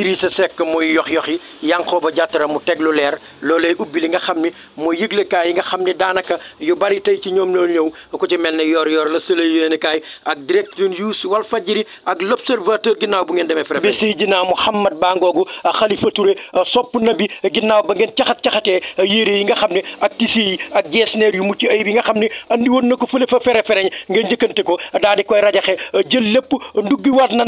Idrissa Seck muy yox yoxi Yankhoba Diattara mu teg lu leer loolay ubbi li nga xam ni mooy yëglekaay yi nga xam ni daanaka yu bari tey ci ñoom loolu ñëw ku ci mel ne yor yor la sële yéenekaay ak direct news Walfadjri ak l'observateur ginnaaw bu ngeen demee frère bi Seydina Mouhamad baa ngoogu Khalifa Touré euh, sopp na euh, ginnaaw ba ngeen caxat a euh, yére yi nga xam ne ak tisi yi ak geesneer yu mucc ayib yi nga xam ne andi woon na ko fële fa fere fereñ ngeen njëkkante ko daal di koy rajaxe jël lépp nduggi waat na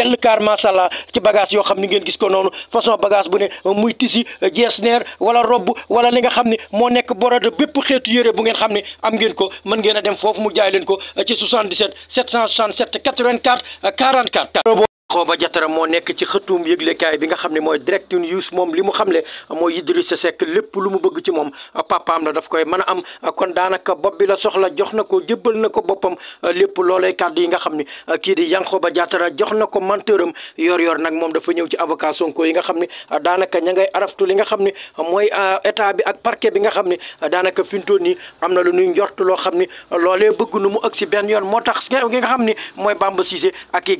dell kaar masàllaa ci bagage yoo xam ni ngeen gis ko noonu façon bagage bu ne muy tisi jeesneer wala robb wala li nga xam ne moo nekk borode bépp xeetu yére bu ngeen xam ne am ngeen ko mën ngeen a dem foofu mu jaay leen ko ci 77 767 84 44 Xooba Jatara moo nekk ci xëtum yëglekaay bi nga xam ne mooy direct news moom li mu xamle mooy Idrissa Seck lépp lu mu bëgg ci moom papaam la daf koy mën a am kon daanaka bopp bi la soxla jox na ko jëbbal na ko boppam lépp loole kàddu yi nga xam ni kii di Yankhoba Diattara jox na ko mentoram yor yor nag moom dafa ñëw ci avocat yi nga xam ne daanaka ña ngay araftu li nga xam ne mooy euh, état bi ak parquet bi nga xam ne daanaka fintoon nii am na lu ñuy njort loo xam ne loole bëgg nu mu ëgg si benn yoon moo tax o ki nga xam ne mooy Bamba Cissé ak i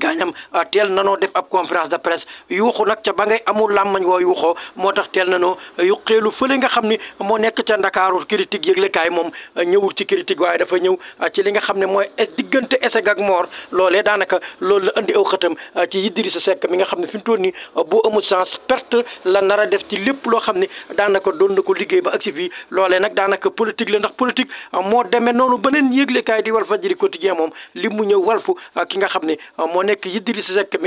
nanoo def a conférence de presse yuuxu nag ca ba ngay amul làmmañ woo yuuxoo moo tax teel nanoo yuqeelu fële nga xam ne moo nekk ca ndakaaru critique yëglekaay moom ñëwul ci critique waaye dafa ñëw ci li nga xam ne mooy diggante échec ak mort loolee daanaka loolu la andi aw xëtam ci Idrissa Seck mi nga xam ne fi mu toll nii bu perte la nar a def ci lépp loo xam ne daanaka doon na ko liggéey ba ak si fii loolee nag daanaka politique la ndax politique moo demee noonu beneen yëglekaay di Walfadjri quotidien moom li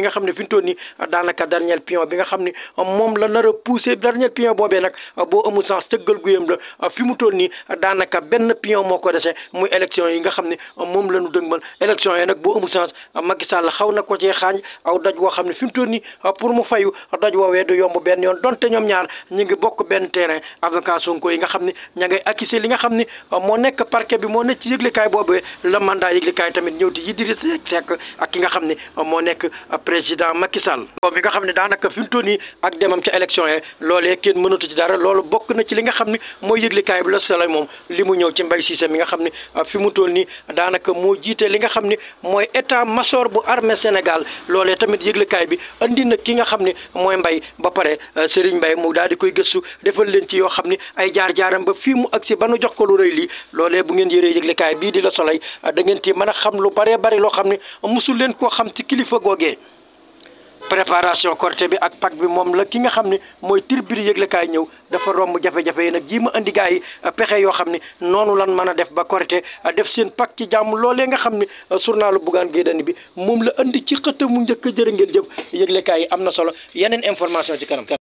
nga xam ne fi a toll nii daanaka dernier pion bi nga xam ne moom la nar a poussé dernier pion boobee nag boo amul sens tëggal guyam la fi mu toll daanaka benn pion moo ko dese muy élection yi nga xam ne moom la ñu dëgmal yi nag boo amul sens Macky xaw na ko cee xaañ aw daj woo xam ne fi mu toll nii pour mu fayu daj woowee du yomb benn yoon donte ñoom ñaar ñu ngi bokk benn terrain avocat Sonko yi nga xam ne ña ngay accuser li nga xam ne moo nekk parquet bi moo nekk ci yëglikaay boobee la mandat yëglikaay tamit ñëw di Idrissa ki nga xam ne président Macky Sall moom mi nga xam ne daanaka fi mu toll nii ak demam ca élection yi loolee kenn mënatu ci dara loolu bokk na ci li nga xam ne mooy yëglikaay bi la solo moom li mu ñëw ci Mbaye Cissé mi xam ne ah, fi mu toll nii moo jiite li nga xam ne mooy état major bu armée Sénégal loolee tamit yëglikaay bi andi na ki nga xam ne mooy Mbaye ba pare ah, Serigne Mbaye mu daal di koy gëstu defal leen ci yoo xam ne ay jaar-jaaram ba fii mu agsi ba nu jox ko lu rëy lii loolee bu ngeen yëree yëglikaay bii di la soley ah, da ngeen ci mën a xam lu baree bari loo xam ne mosul leen koo xam ci kilifa googee préparation corté bi ak pak bi moom la ki nga xam ne mooy tribune yëglekaay ñëw dafa romb jafe-jafe yi nag jiima ma indi yi euh, pexe yoo xam ne noonu lan mën a def ba corté euh, def seen pak ci jàmm loolee nga xam ne euh, journalu Bougane Gueye Dany bi moom la indi ci xëta mu njëkk a jërë ngeen jëf yëglekaay yi am na solo yeneen information ci kanam